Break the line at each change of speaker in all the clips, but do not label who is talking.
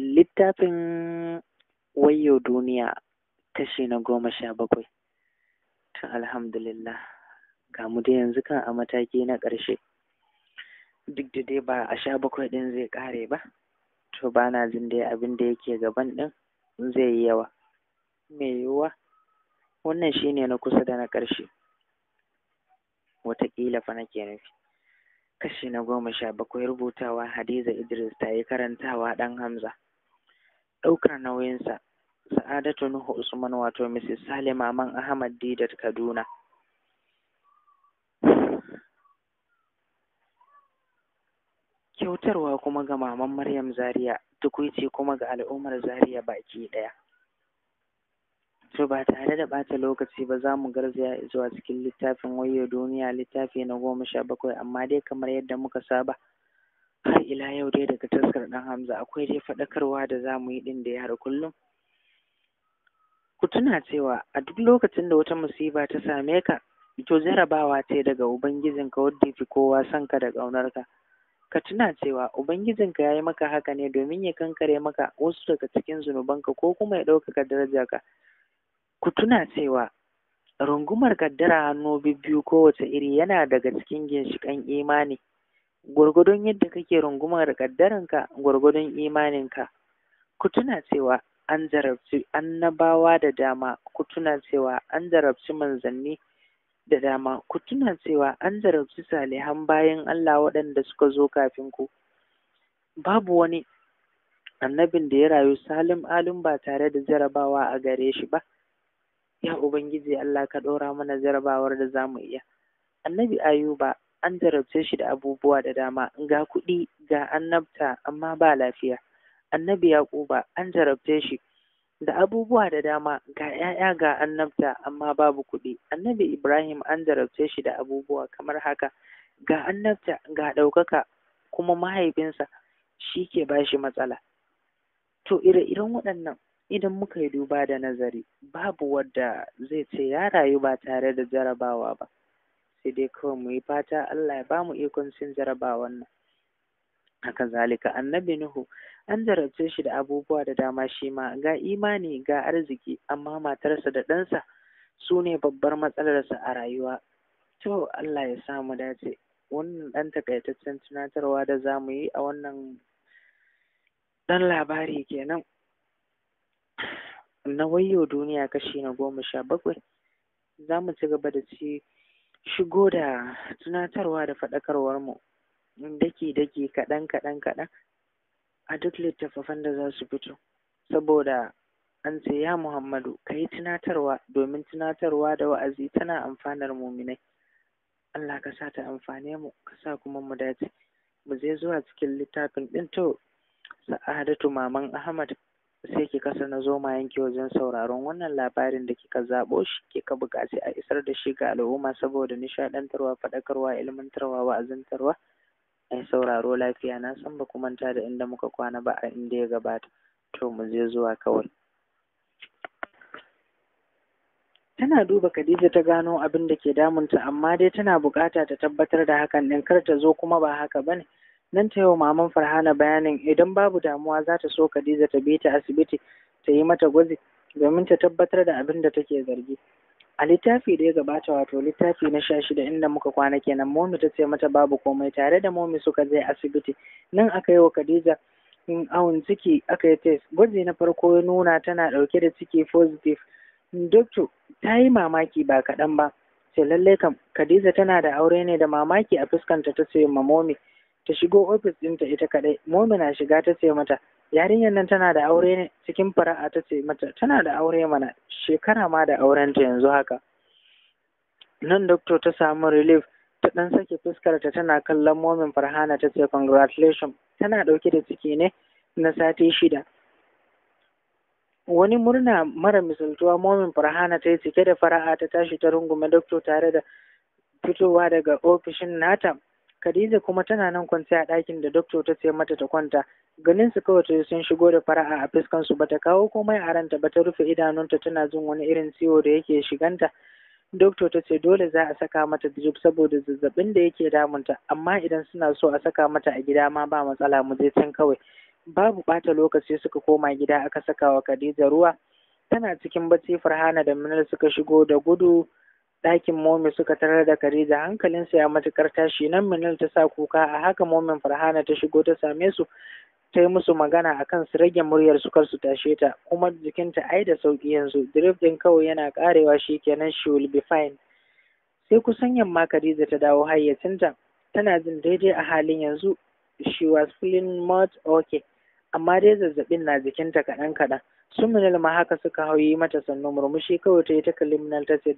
littafin wayo duniya kashi na goma sha bakwai ta alhamdulillah ga mu dai yanzu kan a mataki na ƙarshe duk da dai ba a sha bakwai ɗin zai ƙare ba to ba na jin dai abin da yake gaban ɗin zai yi yawa mai yiwuwa wannan shine na kusa da na ƙarshe wataƙila fa nake nufi kashi na goma sha bakwai rubutawa hadiza idris ta yi karantawa ɗan hamza ɗaukar nauyinsa sa'adatu nuhu usman wato mrs salima man ahmad didat kaduna kyautarwa kuma ga maman maryam zaria tukuici kuma ga al'ummar zaria baki ɗaya to ba tare da ɓata lokaci ba za mu garzaya zuwa cikin littafin wayo duniya littafi na goma sha bakwai amma dai kamar yadda muka saba har ila yau dai daga taskar ɗan hamza akwai dai faɗakarwa da za mu yi ɗin da yara kullum ku tuna cewa a duk lokacin da wata musiba ta same ka to jarabawa ce daga ubangijinka wadda ya fi kowa son ka da ƙaunarka ka tuna cewa ubangijinka ya yi maka haka ne domin ya kankare maka wasu daga cikin zunubanka ko kuma ya ɗaukaka daraja ka. ku tuna cewa rungumar kaddara hannu biyu kowace iri yana daga cikin ginshiƙan imani gwargwadon yadda kake rungumar kaddaranka, gwargwadon imaninka ku tuna cewa an jarabci annabawa da dama ku tuna cewa an jarabci manzanni da dama ku tuna cewa an jarabci salihan bayan Allah waɗanda suka zo kafin ku babu wani annabin da ya rayu salim alim ba tare da jarabawa a gare shi ba ya ubangiji Allah ka ɗora mana jarabawar da za mu iya annabi ayuba an jarabce shi da abubuwa da dama ga kuɗi ga annabta amma ba lafiya annabi yaquba an jarabce shi da abubuwa da dama ga ‘ya'ya ga annabta amma babu kuɗi annabi ibrahim an jarabce shi da abubuwa kamar haka ga annabta ga ɗaukaka kuma mahaifinsa shi ke ba shi matsala to ire-iren waɗannan idan muka yi duba da nazari babu wadda zai ce ya rayu ba tare da jarabawa ba sai dai kawai mu yi fata Allah ya ba mu ikon cin jarabawa wannan haka zalika annabi nuhu an jarabce shi da abubuwa da dama shi ma ga imani ga arziki amma matarsa da ɗansa su ne babbar matsalarsa a rayuwa to Allah ya sa mu dace wannan ɗan takaitaccen tunatarwa da za mu yi a wannan ɗan labari kenan na wayo duniya kashi na goma sha bakwai za mu ci gaba da ci shigo da tunatarwa da faɗakarwar mu daki daki kaɗan kaɗan kaɗan a duk littattafan da za su fito saboda an ce ya Muhammadu ka yi tunatarwa domin tunatarwa da wa'azi tana amfanar muminai Allah ka sa ta amfane mu ka sa kuma mu dace mu je zuwa cikin littafin ɗin to sa'adatu maman Ahmad sai kika kasa na ma yanki wajen sauraron wannan labarin da kika zaɓo shi kika buƙaci a isar da shi ga al'umma saboda nishaɗantarwa faɗakarwa ilmantarwa wa'azantarwa ai sauraro lafiya na san ba ku manta da inda muka kwana ba a inda ya gabata to mu je zuwa kawai tana duba Khadija ta gano abin da ke damunta amma dai tana buƙata ta tabbatar da hakan ɗin kar ta zo kuma ba haka bane nan ta yau maman Farhana bayanin idan babu damuwa za ta so Khadija ta bi ta asibiti ta yi mata gwaji domin ta tabbatar da abin da take zargi. A littafi da ya gabata wato littafi na sha shida inda muka kwana kenan momi ta ce mata babu komai tare da momi suka je asibiti nan aka yi wa Khadija in awon ciki aka yi test gwaji na farko ya nuna tana ɗauke da ciki positive doctor ta yi mamaki ba kaɗan ba sai lallai kam Khadija tana da aure ne da mamaki a fuskanta ta ce ma momi ta shigo ofis ɗinta ita kaɗai momina shiga ta ce mata yarinyar nan tana da aure ne cikin fara'a ta ce mata tana da aure mana shekara ma da aurenta yanzu haka nan doctor ta samu relief ta ɗan sake fuskarta tana kallon momin farhana ta ce congratulation tana ɗauke da ciki ne na sati shida wani murna mara misaltuwa momin farhana ta yi cike da fara'a ta tashi ta rungume doctor tare da fitowa daga ofishin nata Khadija kuma tana nan kwance a ɗakin da dokto ta ce mata ta kwanta. Ganin su kawai ta sun shigo da fara'a a fuskan su bata kawo komai a ranta ba ta rufe idanunta tana jin wani irin ciwo da yake shiganta. Doktor ta ce dole za a saka mata drip saboda zazzabin da yake damunta amma idan suna so a saka mata a gida ma ba matsala mu je can kawai. Babu ɓata lokaci suka koma gida aka saka wa Khadija ruwa. Tana cikin bacci Farhana da Minal suka shigo da gudu ɗakin momi suka tarar da hankalin hankalinsa ya matukar tashi nan minil ta sa kuka a haka momin Farhana ta shigo ta same su ta yi musu magana a kan su rage muryar sukar su tashe ta kuma jikinta ai da sauki yanzu drip din kawai yana karewa kenan she will be fine sai kusan yamma kadiza ta dawo hayyacinta tana jin daidai a halin yanzu she was feeling much okay amma dai zazzabin na jikinta kaɗan kaɗan sun minal ma haka suka hau yi mata sannu murmushi kawai ta yi ta kalli minal ta ce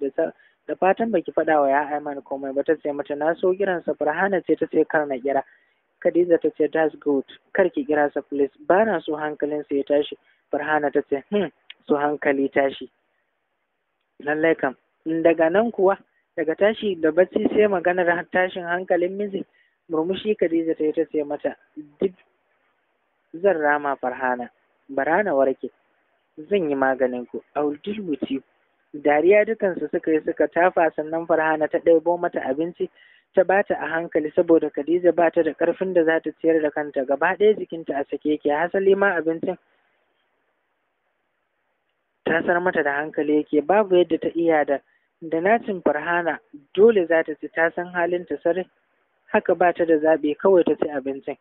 da fatan baki faɗa wa ya aiman komai ba ta ce mata na so kiransa farhana ce ta ce kar na kira Khadija ta ce that's good kar ki kira sa please ba na so hankalin sa ya tashi farhana ta ce hmm so hankali tashi lallai kam daga nan kuwa daga tashi da bacci sai maganar tashin hankalin miji murmushi Khadija ta yi ta ce mata duk zan rama farhana barana warke zan yi maganin ku a will dariya dukansu suka yi suka tafa sannan farhana ta ɗaibo mata abinci ta bata a hankali saboda Khadija bata da ƙarfin da za ta ciyar da kanta gaba ɗaya jikinta a sake yake hasali ma abincin ta san mata da hankali yake babu yadda ta iya da da nacin farhana dole za ta ci ta san halin ta sarai haka ba ta da zaɓi kawai ta ci abincin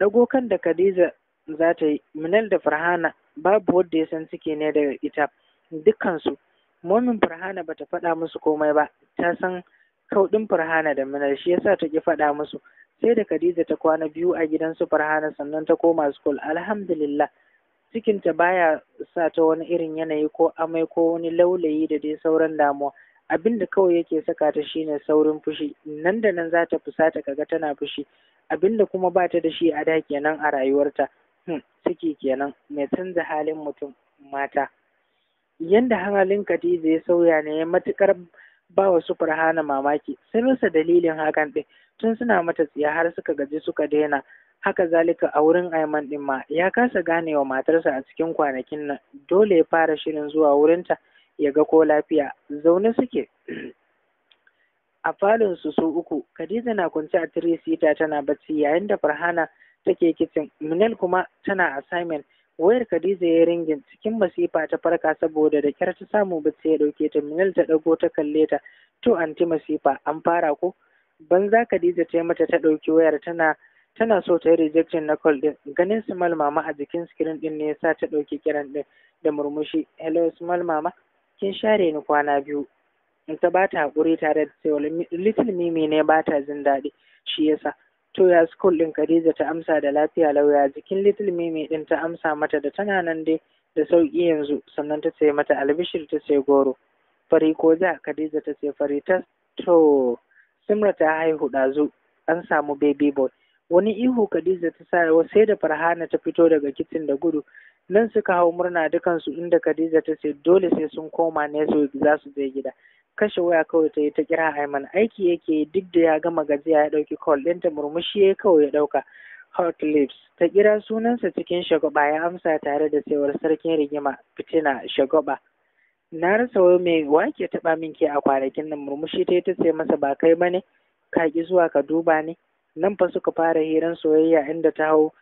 ɗago kan da Khadija za ta yi Minal da Farhana babu wanda ya san ciki ne daga ita dukkansu momin Farhana ba ta faɗa musu komai ba ta san kaudin Farhana da Minal shi yasa ta ki faɗa musu sai da Khadija ta kwana biyu a gidan su Farhana sannan ta koma school alhamdulillah cikinta baya sa ta wani irin yanayi ko amai ko wani laulayi da dai sauran damuwa abin da kawai yake saka ta shine saurin fushi nan da nan za ta fusata kaga tana fushi abin da kuma ba ta da shi a da kenan a rayuwarta Hmm, ciki kenan mai canza halin mutum mata yanda halin Khadija ya sauya ne ya matukar ba wa su farhana mamaki sai rasa dalilin hakan ɗin tun suna mata tsiya har suka gaji suka daina haka zalika a wurin Aiman ɗin ma ya kasa gane wa matarsa a cikin kwanakin nan dole ya fara shirin zuwa wurinta ya ga ko lafiya zaune suke a falon su su uku Khadija na kwance a sita tana bacci yayin da Farhana take kicin munel kuma tana assignment wayar khadija ya ringin cikin masifa ta farka saboda da kyar ta samu bacci ya dauke ta munel ta dago ta kalle ta to anti masifa an fara ko banza khadija ta mata ta dauki wayar tana tana so ta yi rejection na call din ganin small mama a jikin screen din ne yasa ta dauki kiran din da murmushi hello small mama kin share ni kwana biyu in ta bata hakuri tare da cewa little mimi ne bata jin daɗi shi yasa To ya school ɗin Khadija ta amsa da lafiya lauya jikin Little Mimi ɗin ta amsa mata da tana nan dai da sauki yanzu sannan ta ce mata albishir ta ce goro. Fari ko za Khadija ta ce fari ta to Simra ta haihu ɗazu an samu baby boy. Wani ihu Khadija ta sa sai da Farhana ta fito daga kitchen da gudu nan suka hau murna dukansu inda Khadija ta ce dole sai sun koma ne su za su je gida. kashe waya kawai ta yi ta kira Ayman aiki yake duk da ya gama gajiya ya ɗauki call ɗinta murmushi ya kawai ya ɗauka hot lips ta kira sunansa cikin shagaba ya amsa tare da cewar sarkin rigima fitina shagaba. na rasa wai mai wake taba min ke a kwanakin nan murmushi ta yi ta ce masa ba kai ba ne ka ki zuwa ka duba ne nan fa suka fara hiran soyayya inda ta hau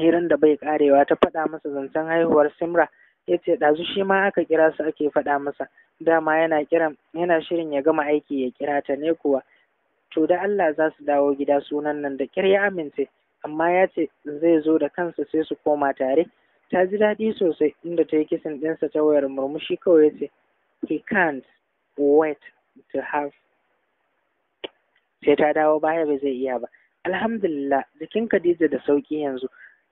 hiran da bai karewa ta faɗa masa zancen haihuwar simra ya ce ɗazu shi ma aka kira su ake faɗa masa dama yana kiran yana shirin ya gama aiki ya kira ta ne kuwa to da Allah za su dawo gida sunan nan da kirya amince amma ya ce zai zo da kansa sai su koma tare ta ji daɗi sosai inda ta yi kisan ɗinsa ta wayar murmushi kawai ya ce he can't wait to have sai ta dawo baya ba zai iya ba alhamdulillah jikin Khadija da sauki yanzu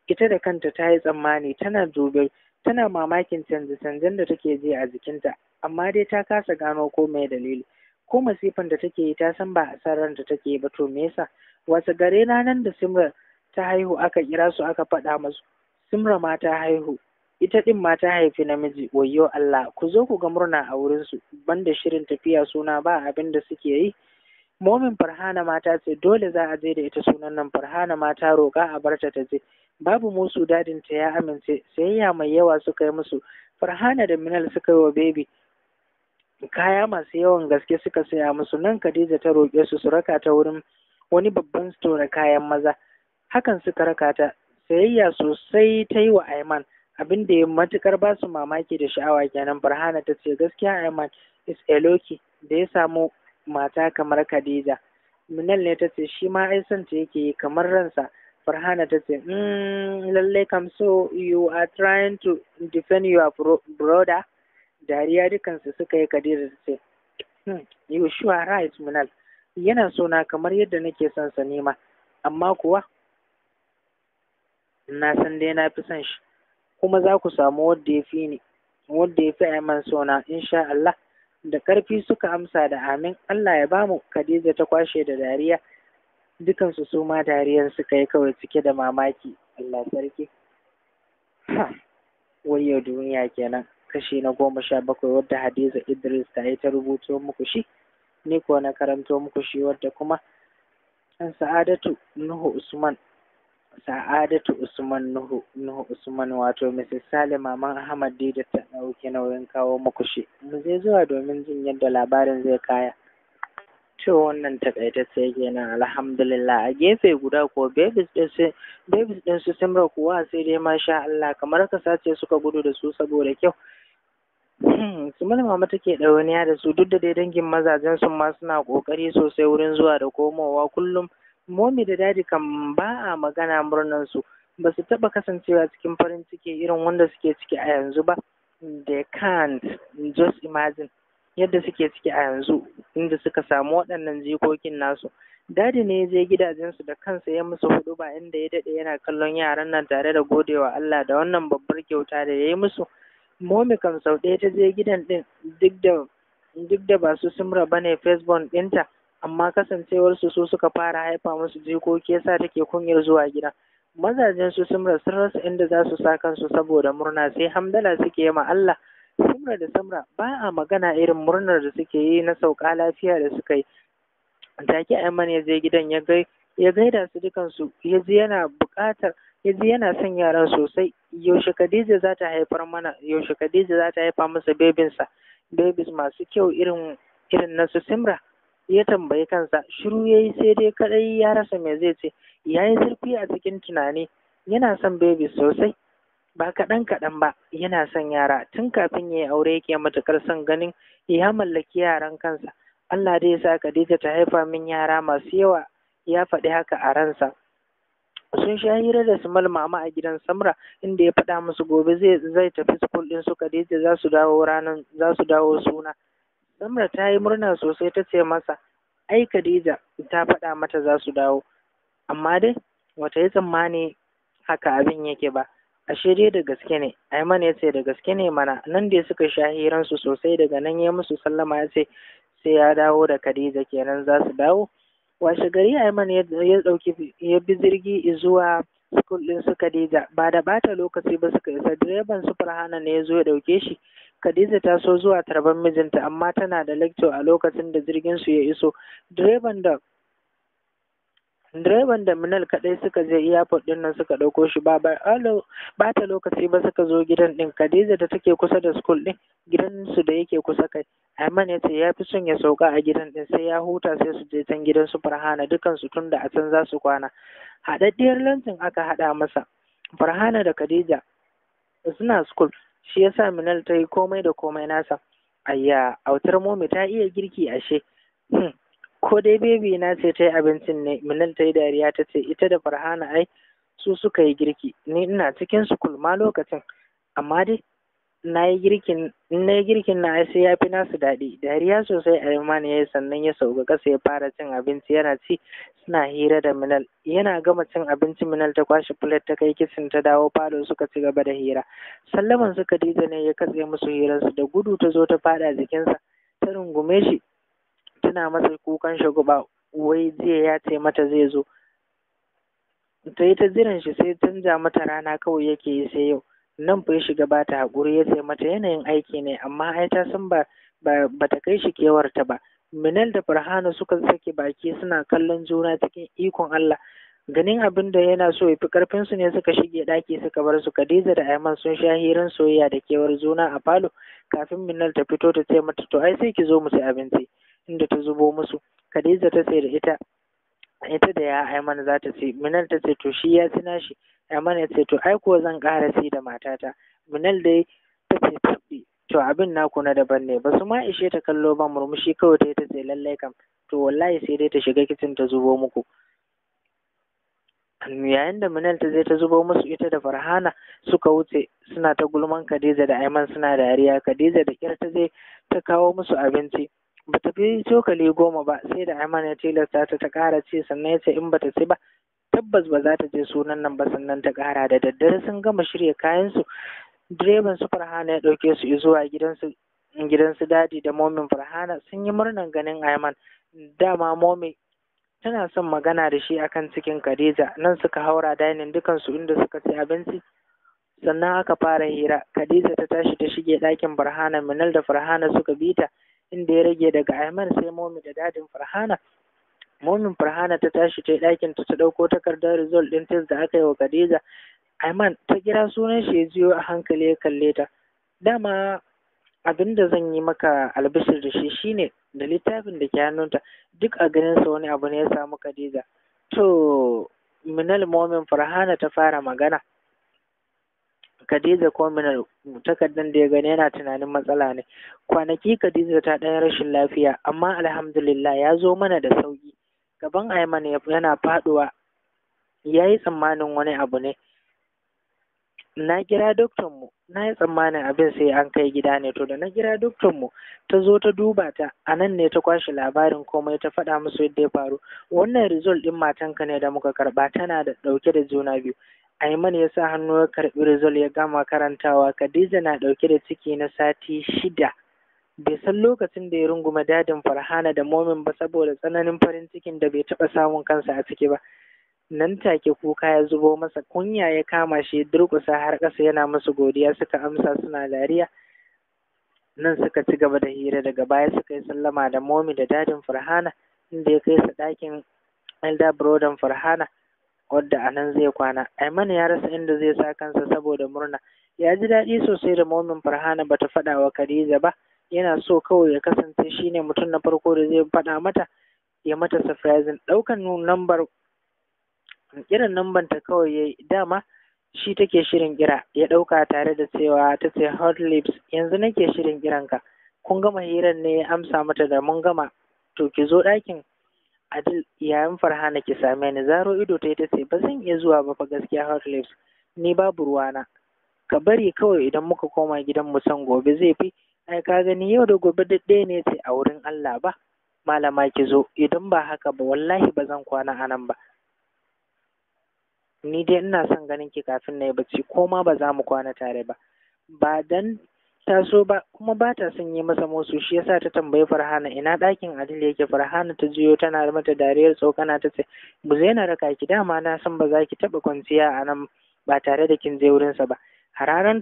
ita da kanta ta yi tsammani tana dubi tana mamakin canje-canjen da take ji a jikinta amma dai ta kasa gano ko mai dalili ko masifan da take yi ta san ba a san da take ba to me yasa wasu gare nan da simra ta haihu aka kira su aka faɗa musu, simra ma ta haihu ita ɗin ma ta haifi namiji wayyo Allah ku zo ku ga murna a wurin su banda shirin tafiya suna ba abin da suke yi momin farhana mata ce dole za a je da ita sunan nan farhana mata roƙa a barta ta je babu musu dadinta ya amince sayayya mai yawa suka yi musu farhana da minal suka yi wa bebi kaya masu yawan gaske suka saya musu nan khadija ta roƙe su su raka ta wurin wani babban store kayan maza hakan suka raka ta sayayya sosai ta yi wa aiman abin da ya matukar ba su mamaki da sha'awa kenan farhana ta ce gaskiya aiman is eloki da ya samu mata kamar khadija minal ne ta ce shi ma ai son ta yake yi kamar ransa Farhana ta ce, mm, lalle kam so you are trying to defend your brother? Dariya dukansu suka yi Khadija ta ce, hmm, you sure right Munal. yana sona kamar yadda nake son sa nema, amma kuwa na san dai na fi son shi, kuma za ku samu wadda ya fi ni, wadda ya fi aiman sona insha Allah. Da ƙarfi suka amsa da amin Allah ya bamu Khadija ta kwashe da dariya. dukansu su ma dariyar suka yi kawai cike da mamaki Allah sarki wayo duniya kenan kashi na goma sha bakwai wadda Hadiza Idris ta yi ta rubuto muku shi ni ko na karanto muku shi wadda kuma Sa'adatu Nuhu Usman Sa'adatu Usman Nuhu Nuhu Usman wato Mrs. salima Maman Ahmad da ta dauke nauyin kawo muku shi mu zai zuwa domin jin yadda labarin zai kaya to wannan takaitacce kenan alhamdulillah a gefe guda ko babies din su babies simra kuwa sai dai sha Allah kamar ka sace suka gudu da su saboda kyau hmm, su mama take ɗauniya da su duk da dai dangin mazajen su ma suna ƙoƙari sosai wurin zuwa da komowa kullum momi da dadi kan ba a magana murnan su ba su taɓa kasancewa cikin farin ciki irin wanda suke ciki a yanzu ba they can't just imagine yadda suke ciki a yanzu inda suka samu waɗannan jikokin nasu dadi ne ya je gidajensu da kansa ya musu huɗu, ba inda ya daɗe yana kallon yaran nan tare da godewa Allah da wannan babbar kyauta da ya yi musu momi kan sau ɗaya ta je gidan ɗin duk da duk ba su simra ba ne fesbon ɗinta amma kasancewarsu su suka fara haifa musu jikoki yasa take kunyar zuwa gida mazajen su simra sun rasa inda za su sa kansu saboda murna sai hamdala suke yi ma Allah sumra da Samra ba a magana irin murnar da suke yi na sauka lafiya da suka yi. Take Aiman ya je gidan ya gai ya gaida su dukansu ya ji yana buƙatar ya ji yana son yaran sosai yaushe Khadija za ta haifar mana yaushe Khadija za ta haifa masa bebinsa babies masu kyau irin irin na Simra ya tambayi kansa shiru yayi sai dai kadai ya rasa me zai ce yayi zurfi a cikin tunani yana son babies sosai ba kaɗan kaɗan ba yana son yara tun kafin ya yi aure yake matuƙar son ganin ya mallaki yaran kansa Allah dai sa Khadija ta haifa min yara masu yawa ya faɗi haka a ransa sun sha hira da su mama a gidan samra inda ya faɗa musu gobe zai zai tafi sukul ɗin su Kadija za su dawo ranan za su dawo suna samra ta yi murna sosai ta ce masa ai Khadija ta faɗa mata za su dawo amma dai wata yi tsammani haka abin yake ba A dai da gaske ne Aiman ya ce da gaske ne mana nan da suka sha hiran su sosai daga nan ya musu sallama ya ce sai ya dawo da Khadija kenan za su dawo washe gari Aiman ya dauki ya bi jirgi zuwa school din su Khadija ba da bata lokaci ba suka isa direban su Farhana ne ya zo ya dauke shi Khadija ta so zuwa tarban mijinta amma tana da lecture a lokacin da jirgin su ya iso direban da direban da minal kaɗai suka je airport ɗin nan suka ɗauko shi ba ba ta lokaci ba suka zo gidan din. khadija da take kusa da school ɗin su da yake kusa kai Aiman ya ce ya fi son ya sauka a gidan din, sai ya huta sai su je can gidan su Farhana dukansu tun da a can za su kwana. Haɗaɗɗiyar lantin aka haɗa masa. Farhana da Khadija suna school shi yasa Minal ta yi komai da komai nasa. Ayya, autar momi ta iya girki ashe. Hmm. ko dai bebi na ce ta yi abincin ne minal ta yi dariya ta ce ita da farhana ai su suka yi girki ni ina cikin sukul ma lokacin amma dai na yi girkin na yi girkin na ai sai ya fi nasu daɗi dariya sosai a yamani ya yi sannan ya sauka ƙasa ya fara cin abinci yana ci suna hira da minal yana gama cin abinci minal ta kwashe plate ta kai kicin ta dawo falo suka ci gaba da hira sallaman su khadija ne ya katse musu hirarsu da gudu ta zo ta faɗa jikinsa ta rungume shi tana masa kukan shagwaba wai jiya ya ce mata zai zo ta yi ta jiran shi sai canja mata rana kawai yake yi sai yau nan fa ya shiga ba ta haƙuri ya ce mata yanayin aiki ne amma ai ta san ba ba ta kai shi kewar ta ba minal da farhana suka sake baki suna kallon juna cikin ikon Allah ganin abin da yana so ya fi karfin ne suka shige ɗaki suka bar su Khadija da Aiman sun sha hirar soyayya da kewar juna a falo kafin Minal ta fito ta ce mata to ai sai ki zo mu ci abinci inda ta zubo musu Khadija ta ce da ita ita da ya Aiman za ta ce Minal ta ce to shi ya ci nashi ya ce to ai ko zan ƙara ci da matata Minal dai ta ce tabbi to abin naku na daban ne ba su ma ishe ta kallo ba murmushi kawai ta ta ce lallai kam to wallahi sai dai ta shiga kicin ta zubo muku yayin da Minal ta je ta zubo musu ita da Farhana suka wuce suna ta gulman Khadija da Aiman suna dariya Khadija da kyar ta je ta kawo musu abinci ba ta fi cokali goma ba sai da Aiman ya tilasta ta ta kara ce sannan ya ce in ba ta ci ba tabbas ba za ta je sunan nan ba sannan ta kara da daddare sun gama shirya kayansu direban su farhana ya dauke su zuwa gidansu gidansu dadi da momin farhana sun yi murnan ganin Aiman dama momi tana son magana da shi akan cikin Khadija nan suka haura dainin dukansu inda suka ci abinci sannan aka fara hira Khadija ta tashi ta shige dakin Farhana Minal da Farhana suka bita. ta inda ya rage daga Ayman sai momi da dadin Farhana. Momin Farhana ta tashi ta ɗakin ta ta ɗauko takardar result ɗin test da aka yi wa Khadija. Ayman ta kira sunan shi ya jiyo a hankali ya kalle ta. Dama abin da zan yi maka albishir da shi shine da littafin da ke hannunta duk a ganinsa wani abu ne ya samu Khadija. To, Minal Momin Farhana ta fara magana. Khadija ko Minal takardar da ya gani yana tunanin matsala ne. Kwanaki Khadija ta ɗan rashin lafiya amma alhamdulillah ya zo mana da sauki. Gaban Aiman yana faɗuwa ya yi tsammanin wani abu ne. Na kira doktanmu, na yi tsammanin abin sai an kai gida ne to da na kira mu ta zo ta duba ta a nan ne ta kwashe labarin komai ta faɗa musu yadda ya faru wannan result ɗin matanka ne da muka karɓa tana da ɗauke da juna biyu Aiman ya sa hannu ya karɓi rizal ya gama karantawa Khadija na ɗauke da ciki na sati shida bai san lokacin da ya runguma dadin Farhana da Momin ba saboda tsananin farin cikin da bai taɓa samun kansa a ciki ba nan take kuka ya zubo masa kunya ya kama shi durƙusa har ƙasa yana musu godiya suka amsa suna dariya nan suka ci gaba da hira daga baya suka yi sallama da momi da dadin farhana inda ya kai su ɗakin Elder burodin farhana wadda a nan zai kwana aiman ya rasa inda zai sa kansa saboda murna ya ji daɗi sosai da momin farhana bata faɗa wa khadija ba yana so kawai ya kasance Shi ne mutum na farko da zai faɗa mata ya mata surprising ɗaukan lambar irin lambar ta kawai ya dama shi take shirin kira ya ɗauka tare da cewa ta ce hot lips yanzu nake shirin kiranka kun gama hirar ne ya amsa mata da mun gama to ki zo ɗakin Adil yayin Farhana ki same ni zaro ido ta yi ta ce ba zan iya zuwa ba fa gaskiya hot lips ni babu ruwa na. ka bari kawai idan muka koma gidan mu san gobe zai fi ai ka gani yau da gobe duk ɗaya ne ce a wurin Allah ba malama ki zo idan ba haka ba wallahi ba zan kwana a nan ba ni dai ina son ganin ki kafin na yi bacci ko ma ba za mu kwana tare ba ba dan ta so ba kuma ba ta son yi masa motsu shi yasa ta tambayi farhana ina ɗakin adil yake farhana ta jiyo tana mata dariyar tsokana ta ce bu zai na raka ki dama na san ba za ki taɓa kwanciya a nan ba tare da kin je wurinsa ba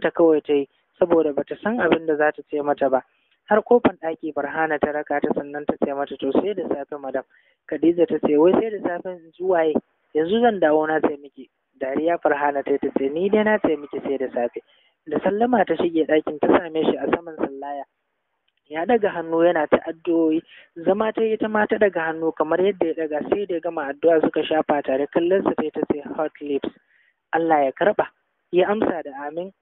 ta kawai ta yi saboda bata san abin da za ta ce mata ba har kofan ɗaki farhana ta raka ta sannan ta ce mata to sai da safe madam khadija ta ce wai sai da safe zuwaye yanzu zan dawo na taimaki." dariya farhana ta ta ce ni dai na taimaki sai da safe da sallama ta shige ɗakin ta same shi a saman sallaya ya daga hannu yana ta addu'o'i zama ta ta ma ta daga hannu kamar yadda ya daga sai da ya gama addu'a suka shafa tare kallon sa ta ce hot lips Allah ya karɓa, ya amsa da amin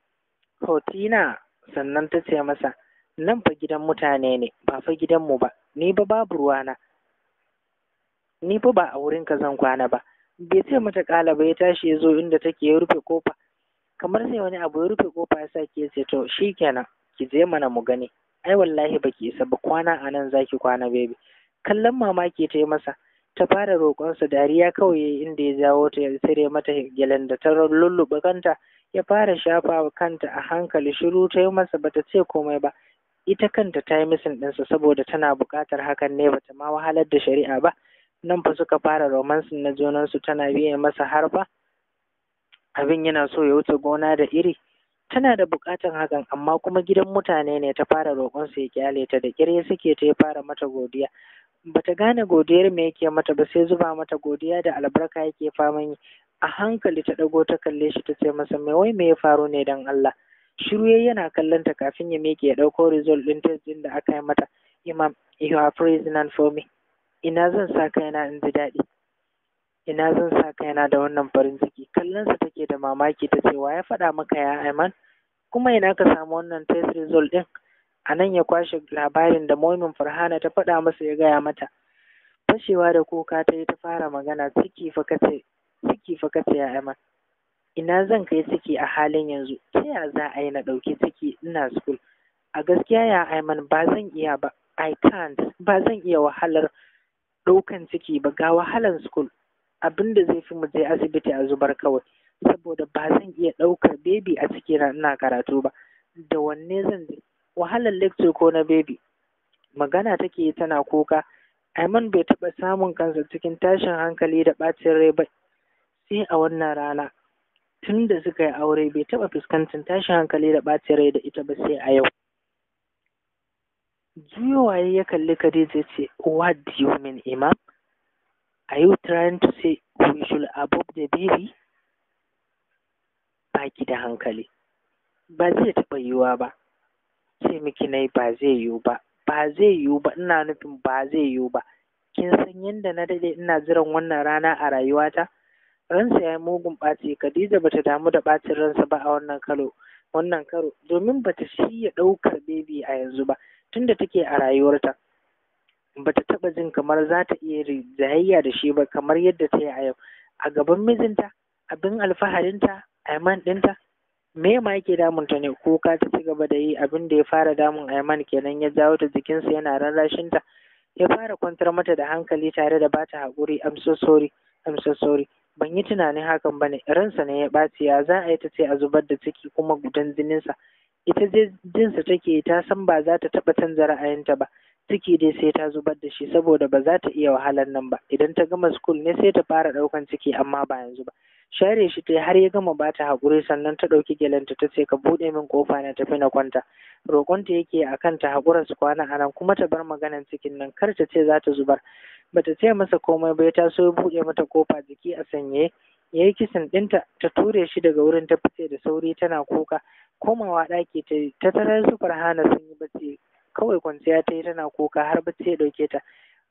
hotina sannan ta ce masa nan fa gidan mutane ne ba fa gidan ba ni ba babu ruwana ni fa ba a wurin ka zan kwana ba bai ce mata kala ba ya tashi ya zo inda take ya rufe kofa kamar sai wani abu ya rufe kofa ya sake ya ce to kenan ki je mana mu gani ai wallahi baki isa ba kwana a nan zaki kwana baby kallon mamaki ta yi masa ta fara roƙonsa dariya kawai yayi inda ya jawo ta ya tsire mata gyalen da ta lulluɓe kanta ya fara shafa kanta a hankali shiru ta yi masa bata ce komai ba ita kanta ta yi misin ɗinsa saboda tana buƙatar hakan ne bata ma wahalar da shari'a ba nan fa suka fara romansin na junansu tana biye masa harba? abin yana so ya wuce gona da iri tana da buƙatar hakan amma kuma gidan mutane ne ta fara roƙon su ya kyale ta da ƙirya suke ta ya fara mata godiya bata gane godiyar me yake mata ba sai zuba mata godiya da albarka yake faman yi a hankali ta ɗago ta kalle shi ta ce masa me wai me ya faru ne dan Allah shiru yayi yana kallon ta kafin ya miƙe ya ɗauko result din test din da aka yi mata imam you are for me ina zan sa kaina in ji daɗi ina zan sa na da wannan farin ciki kallonsa take da mamaki ta ce wa ya faɗa maka ya Aiman kuma ina ka samu wannan test result ɗin a nan ya kwashe labarin da momin farhana ta faɗa masa ya gaya mata fashewa da kuka ta yi ta fara magana ciki fa kace ciki fa kace ya Aiman ina zan kai ciki a halin yanzu ta ya za a yi na ɗauki ciki ina school a gaskiya ya Aiman ba zan iya ba I can't ba zan iya wahalar ɗaukan ciki ba ga wahalar school abin da zai fi mu je asibiti a zubar kawai saboda ba zan iya ɗaukar bebi a cikina ina karatu ba da wanne zan je wahalar lecture ko na bebi magana take tana kuka Aiman bai taɓa samun kansa cikin tashin hankali da ɓacin rai ba sai a wannan rana tun da suka yi aure bai taɓa fuskantar tashin hankali da ɓacin rai da ita ba sai a yau juyowa ya kalli Khadija ce what do you imam Are you trying to say we should abort the baby? Baki da hankali. Ba zai taɓa yiwuwa ba. Ce miki nai ba zai yiwu ba. Ba zai yiwu ba ina nufin ba zai yiwu ba. Kin san yadda na daɗe ina jiran wannan rana a rayuwata? Ransa ya yi mugun ɓaci, Khadija bata damu da ɓacin ransa ba a wannan karo. Wannan karo domin bata shirya ɗaukar Baby a yanzu ba, tunda take a rayuwarta. bata taɓa jin kamar za ta iya jayayya da shi ba kamar yadda ta yi a yau a gaban mijinta abin alfaharinta aiman ɗinta me ma yake ta ne Ko ka ta ci gaba da yi abin da ya fara damun aiman kenan ya jawo ta jikinsa yana rarrashinta ya fara kwantar mata da hankali tare da bata haƙuri I'm so sorry I'm so sorry ban yi tunanin hakan ba ne ransa ne ya ɓaci ya za a yi ta ce a zubar da ciki kuma gudan jininsa ita je jinsa take ta san ba za ta taɓa canza ra'ayinta ba ciki dai sai ta zubar da shi saboda ba za ta iya wahalar nan ba idan ta gama school ne sai ta fara ɗaukan ciki amma ba yanzu ba share shi ta har ya gama bata hakuri sannan ta ɗauki gelanta ta ce ka buɗe min kofa na tafi na kwanta roƙonta yake a kan ta hakura su kwana a nan kuma ta bar maganan cikin nan kar ta ce za ta zubar bata ce masa komai ba ya taso ya buɗe mata kofa jiki a sanye ya yi kisan ɗinta ta ture shi daga wurin ta fice da sauri tana kuka komawa ɗaki ta ta tarar su farhana sun yi bacci kawai kwanciya ta yi tana kuka har bacci ya ɗauke ta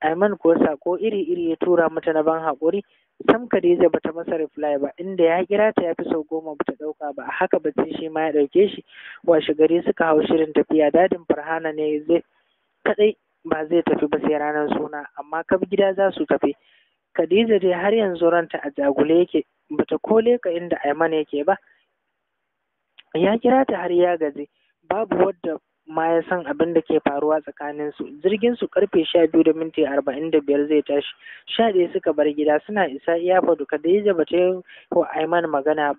Aiman ko sako iri-iri ya tura mata na ban haƙuri sam Khadija bata masa reply ba inda ya kira ta ya fi sau goma bata ɗauka ba a haka bacci shi ma ya ɗauke shi washe gari suka hau shirin tafiya dadin Farhana ne zai kadai ba zai tafi ba sai ranar suna amma kaf gida za su tafi Khadija dai har yanzu ranta a jagule yake bata kole ka inda Aiman yake ba ya kira ta har ya gaji babu wadda ma ya san abin da ke faruwa tsakanin su jirgin su karfe sha biyu da minti arba'in da biyar zai tashi sha ɗaya suka bar gida suna isa fadu ka da yaje ta ko a mana magana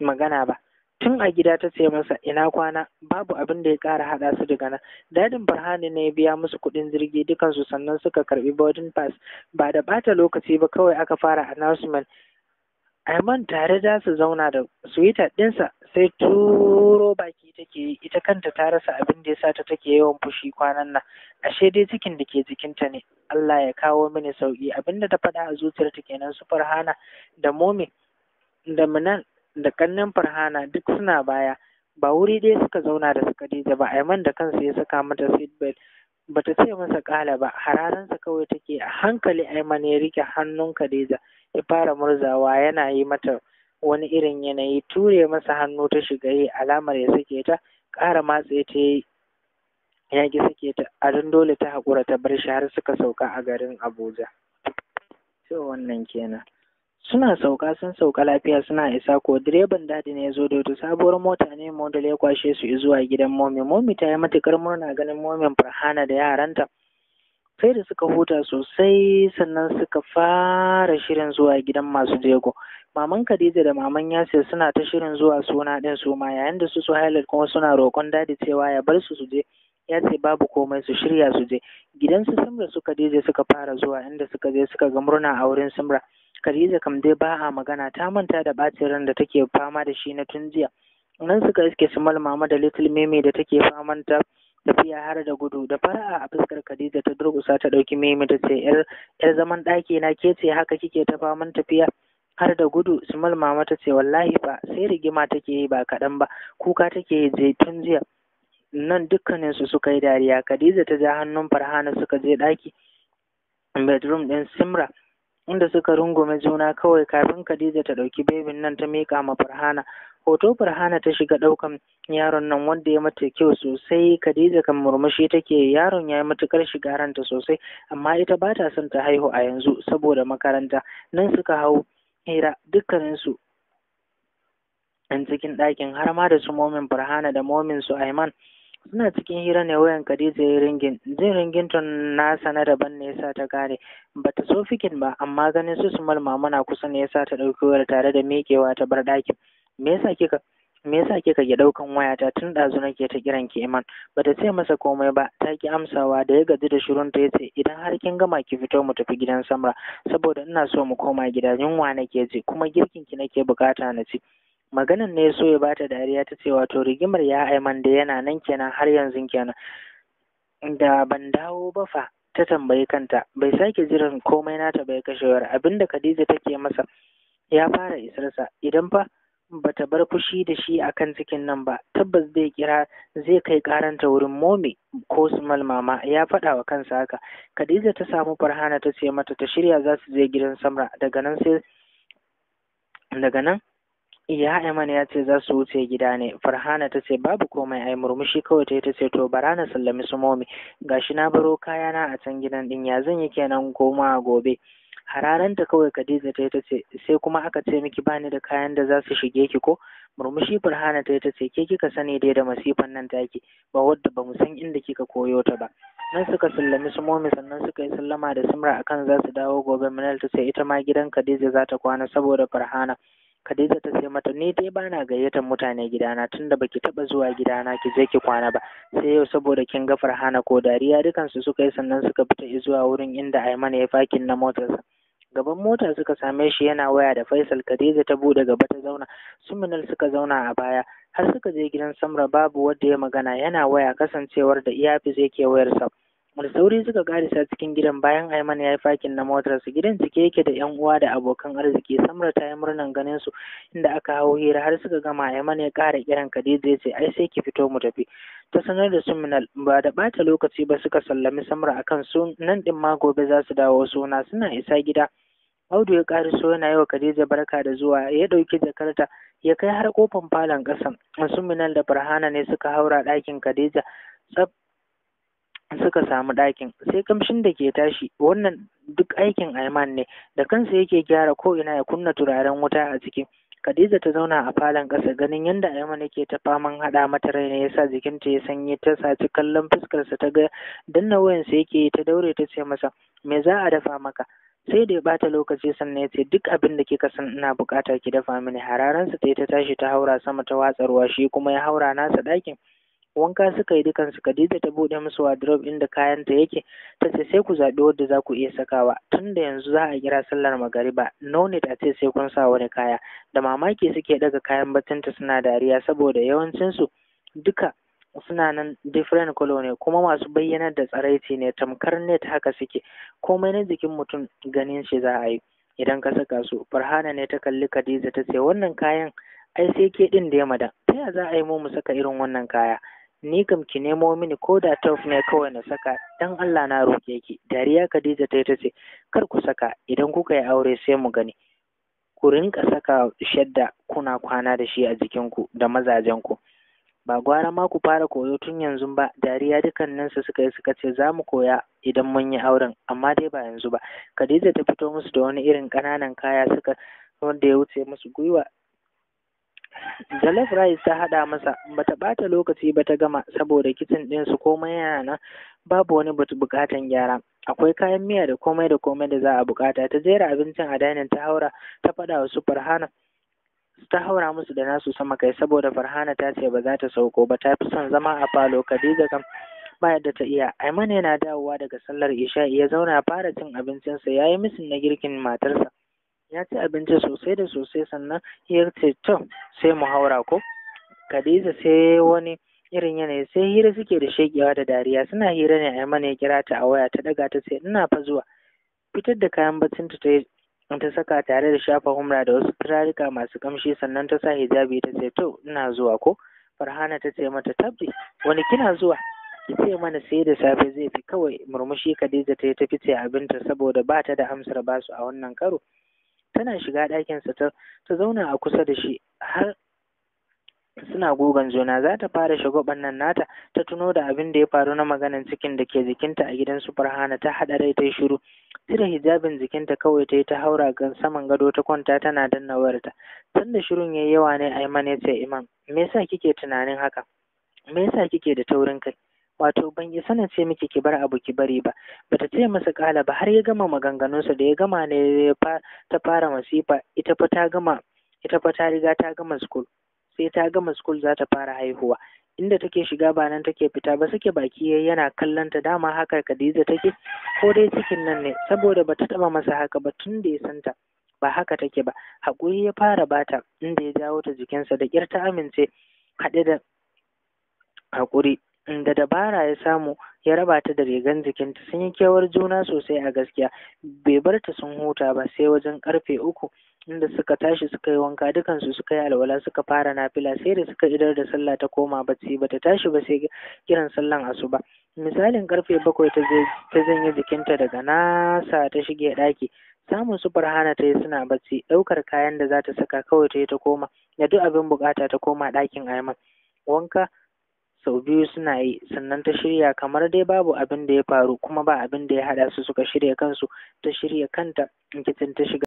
magana ba tun a gida ta ce masa ina kwana babu abin da ya kara haɗa su daga nan dadin farhani ne ya biya musu kuɗin jirgi dukansu sannan suka karbi boarding pass ba da bata lokaci ba kawai aka fara announcement Aiman tare za su zauna da suwitar ɗinsa sai turo baki take yi ita kanta ta rasa abin da yasa ta take yawan fushi kwanan nan ashe dai cikin da ke jikinta ne Allah ya kawo mini sauki abin da ta faɗa a ta kenan su Farhana da Momi da Minan da kannan Farhana duk suna baya ba wuri dai suka zauna da su Khadija ba Aiman da kansa ya saka mata seatbelt bata ce masa kala ba hararansa kawai take a hankali Aiman ya rike hannun Khadija ya fara murzawa yana yi mata wani irin yanayi ture masa hannu ta shiga yi alamar ya sake ta ƙara matse ta yi ya ki sake ta a don dole ta haƙura ta bar shi har suka sauka a garin Abuja. To wannan kenan. Suna sauka sun sauka lafiya suna isa ko direban dadi ne ya zo da wata sabuwar mota ne model ya kwashe su zuwa gidan momi momi ta yi matukar murna ganin momin farhana da yaranta. sai da suka huta sosai sannan suka fara shirin zuwa gidan masu jego maman khadija da maman yasir suna ta shirin zuwa suna din su ma yayin da su hailat kuma suna roƙon dadi cewa ya bar su su je ya ce babu komai su shirya su je gidan su simra su khadija suka fara zuwa inda suka je suka ga murna a wurin simra khadija kam dai ba a magana ta manta da bacin ran da take fama da shi na tun jiya nan suka iske su mama da little mimi da take faman ta tafiya har da gudu da fara'a a fuskar Khadija ta durgusa ta dauki Maimu ta ce yar zaman ɗaki na ke ce haka kike ta faman tafiya har da gudu Sumal mama ta ce wallahi fa sai rigima take yi ba kaɗan ba kuka take yi je tun jiya nan dukkanin su suka yi dariya Khadija ta ja hannun Farhana suka je ɗaki bedroom ɗin Simra inda suka rungume juna kawai kafin Khadija ta ɗauki babin nan ta mika ma Farhana hoto farhana ta shiga ɗaukan yaron nan wanda ya mata kyau sosai khadija kan murmushi take yaron ya yi matukar shiga ranta sosai amma ita ba ta son ta haihu a yanzu saboda makaranta nan suka hau hira dukkaninsu yan cikin ɗakin har ma da su momin farhana da momin su aiman suna cikin hira ne wayan khadija ya ringin jin ringin na nasa na daban ne yasa ta gane bata so fikin ba amma ganin su sumal na kusa ne yasa ta ɗauki wayar tare da miƙewa ta bar ɗakin me yasa kika me yasa kika ke daukan wayata tun ɗazu nake ta kiran ki Iman bata ce masa komai ba ta ki amsawa da ya gaji da shirun ta yace idan har kin gama ki fito mu tafi gidan Samra saboda ina so mu koma gida yunwa nake ji kuma girkin ki nake bukata na ci maganan ne so ya bata dariya ta ce wato rigimar ya Aiman da yana nan kenan har yanzu kenan da ban dawo ba fa ta tambayi kanta bai sake jiran komai nata bai kashewar abinda Khadija take masa ya fara isarsa idan fa bata bar fushi da shi a kan cikin nan ba tabbas zai kira zai kai karanta wurin momi ko su malmama ya faɗa wa kansa haka Khadija ta samu farhana ta ce mata ta shirya za su je gidan samra daga nan sai daga nan ya Aiman ya ce za su wuce gida ne Farhana ta ce babu komai ai murmushi kawai ta yi ta ce to bara na sallami su momi shi na baro kayana a can gidan din ya zan yi kenan goma gobe hararanta kawai Khadija ta yi ta ce sai kuma aka ce miki bani da kayan da za su shige ki ko murmushi Farhana ta yi ta ce ke kika sani dai da masifan nan take ba wadda ba mu san inda kika koyo ta ba nan suka sallami su momi sannan suka yi sallama da Simra akan za su dawo gobe Manal ta ce ita ma gidan Khadija za ta kwana saboda Farhana Khadija ta ce mata ni dai bana gayyatar mutane gidana tunda baki taba zuwa gidana ki je ki kwana ba sai yau saboda kin ga Farhana ko dariya dukansu suka yi sannan suka fita zuwa wurin inda Aiman ya fakin na motarsa gaban mota suka same shi yana waya da Faisal Khadija ta bude gaba ta zauna Suminal suka zauna a baya har suka je gidan Samra babu wanda ya magana yana waya kasancewar da Iyafis yake wayar sa da sauri suka karisa cikin gidan bayan Aiman ya yi fakin na motarsa gidan cike yake da yan uwa da abokan arziki Samra ta yi murnan ganin su inda aka hawo hira har suka gama Aiman ya kara kiran Khadija ya ce ai sai ki fito mu tafi ta sanar da su ba da bata lokaci ba suka sallami Samra akan su nan din ma gobe za su dawo suna suna isa gida Audu ya kariso yana yi wa Khadija barka da zuwa ya ɗauki jakarta ya kai har kofan falon ƙasan. Suminal da Farhana ne suka haura ɗakin Khadija tsab suka samu ɗakin sai kamshin da ke tashi wannan duk aikin aiman ne da kansa yake gyara ko ina ya kunna turaren wuta a ciki Khadija ta zauna a falon ƙasa ganin yadda Aiman yake ta faman haɗa mata rai ne yasa jikinta ya sanyi ta saci kallon fuskarsa ta ga danna wayansa yake ta daure ta ce masa me za a dafa maka sai da ya bata lokaci sannan ya ce duk abin da kika san ina bukata ki dafa mini hararansa ta yi ta tashi ta haura sama ta watsa ruwa shi kuma ya haura nasa ɗakin wanka suka yi dukansu Khadija ta buɗe musu wardrobe inda kayanta yake ta ce sai ku zaɓi wadda za ku iya sakawa tunda yanzu za a kira sallar magariba no need a ce sai kun sa wani kaya da mamaki suke daga kayan batunta suna dariya saboda yawancinsu duka suna nan different color ne kuma masu bayyanar da tsaraici ne tamkar net haka suke komai na jikin mutum ganin shi za a yi idan ka saka su farhana ne ta kalli Khadija ta ce wannan kayan ai sai ke din da ya mada ta ya za a yi mu saka irin wannan kaya ni kam ki nemo mini ko da taf ne kawai na saka dan Allah na roke ki dariya Khadija ta ta ce kar ku saka idan kuka yi aure sai mu gani ku rinka saka shadda kuna kwana da shi a jikinku da mazajen ku. ba gwara ma ku fara koyo tun yanzu ba dariya su suka yi suka ce za mu koya idan mun yi auren amma dai ba yanzu ba Khadija ta fito musu da wani irin ƙananan kaya suka wanda ya wuce musu gwiwa Jollof rice ta haɗa masa, bata ɓata lokaci ba ta gama saboda kicin ɗinsu komai yana nan babu wani buƙatan gyara. Akwai kayan miya da komai da komai da za a buƙata. Ta jera abincin a dainin ta haura ta faɗa wa su Farhana ta haura musu da nasu sama kai saboda Farhana ta ce ba za ta sauko ba ta fi son zama a falo Khadija kam ba yadda ta iya Aiman yana dawowa daga sallar Isha'i ya zauna fara cin abincinsa ya yi misin na girkin matarsa ya ci abinci sosai da sosai sannan ya ce to sai mu haura ko Khadija sai wani irin yanayi sai hira suke da shekewa da dariya suna hira ne a mana ya kira ta a waya ta daga ta ce ina fa zuwa fitar da kayan bacin ta ta saka tare da shafa humra da wasu turarika masu kamshi sannan ta sa hijabi ta ce to ina zuwa ko farhana ta ce mata tabbi wani kina zuwa ki ce mana sai da safe zai fi kawai murmushi Khadija ta yi ta fice abinta saboda ba ta da amsar basu a wannan karo tana shiga ɗakinsa ta ta zauna a kusa da shi har suna gogon juna za ta fara shiga nan nata ta tuno da abin da ya faru na maganan cikin da ke jikinta a gidan su farhana ta haɗa rai ta yi shiru cire hijabin jikinta kawai ta yi ta haura ga saman gado ta kwanta tana danna wayarta sanda shirin yayi yawa ne aiman ya ce iman me yasa kike tunanin haka me yasa kike da taurin kai wato ban isa na ce miki ki bar abu ki bari ba bata ce masa kala ba har ya gama maganganunsa da ya gama ne ta fara masifa ita fa ta gama ita fa ta riga ta gama school sai ta gama school za ta fara haihuwa inda take shiga ba nan take fita ba suke baki yayi yana kallon ta dama haka Khadija take ko dai cikin nan ne saboda bata taba masa haka ba tun da ya santa ba haka take ba hakuri ya fara bata inda ya jawo ta jikinsa da kyar ta amince haɗe da hakuri da dabara ya samu ya raba ta da rigan jikinta sun yi kewar juna sosai a gaskiya bai bar ta sun huta ba sai wajen karfe uku inda suka tashi suka yi wanka dukansu suka yi alwala suka fara nafila sai da suka idar da sallah ta koma bacci ta tashi ba sai kiran sallan asuba misalin karfe bakwai ta zanyi jikinta daga nasa ta shige ɗaki samun su farhana ta yi suna bacci ɗaukar kayan da za ta saka kawai ta yi ta koma da duk abin bukata ta koma ɗakin aiman wanka sau biyu suna yi sannan ta shirya kamar dai babu abin da ya faru kuma ba abin da ya haɗa su suka shirya kansu ta shirya kanta in ta shiga